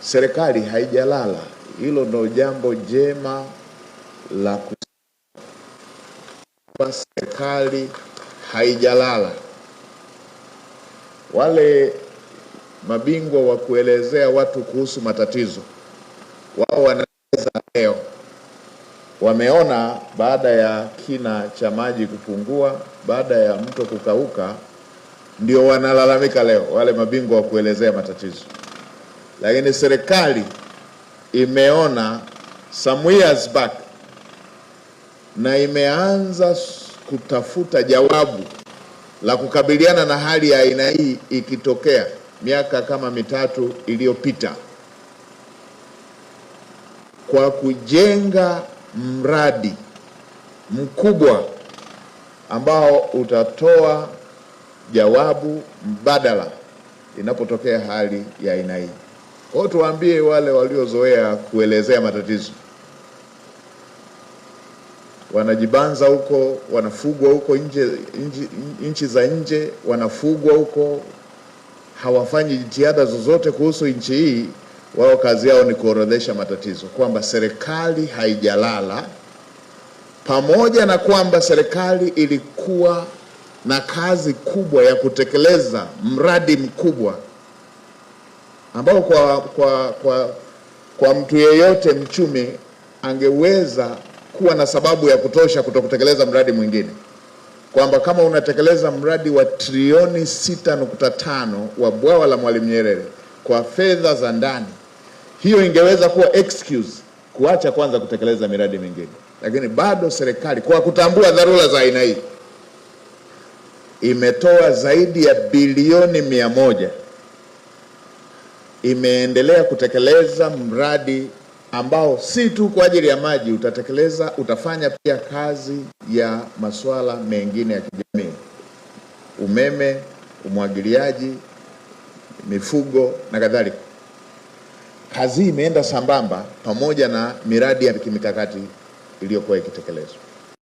serikali haijalala. Hilo ndo jambo jema la kwa serikali haijalala. Wale mabingwa wa kuelezea watu kuhusu matatizo, wao wanaeleza leo wameona baada ya kina cha maji kupungua, baada ya mto kukauka, ndio wanalalamika leo wale mabingwa wa kuelezea matatizo lakini serikali imeona some years back na imeanza kutafuta jawabu la kukabiliana na hali ya aina hii ikitokea miaka kama mitatu iliyopita kwa kujenga mradi mkubwa ambao utatoa jawabu mbadala inapotokea hali ya aina hii. Wao tuwaambie wale waliozoea kuelezea matatizo, wanajibanza huko, wanafugwa huko nje, nchi za nje, wanafugwa huko, hawafanyi jitihada zozote kuhusu nchi hii. Wao kazi yao ni kuorodhesha matatizo, kwamba serikali haijalala, pamoja na kwamba serikali ilikuwa na kazi kubwa ya kutekeleza mradi mkubwa ambao kwa, kwa, kwa, kwa mtu yeyote mchumi angeweza kuwa na sababu ya kutosha kutokutekeleza mradi mwingine, kwamba kama unatekeleza mradi wa trilioni 6.5 wa bwawa la Mwalimu Nyerere kwa fedha za ndani, hiyo ingeweza kuwa excuse kuacha kwanza kutekeleza miradi mingine, lakini bado serikali kwa kutambua dharura za aina hii imetoa zaidi ya bilioni mia moja imeendelea kutekeleza mradi ambao si tu kwa ajili ya maji, utatekeleza utafanya pia kazi ya masuala mengine ya kijamii, umeme, umwagiliaji, mifugo na kadhalika. Kazi hii imeenda sambamba pamoja na miradi ya kimikakati iliyokuwa ikitekelezwa.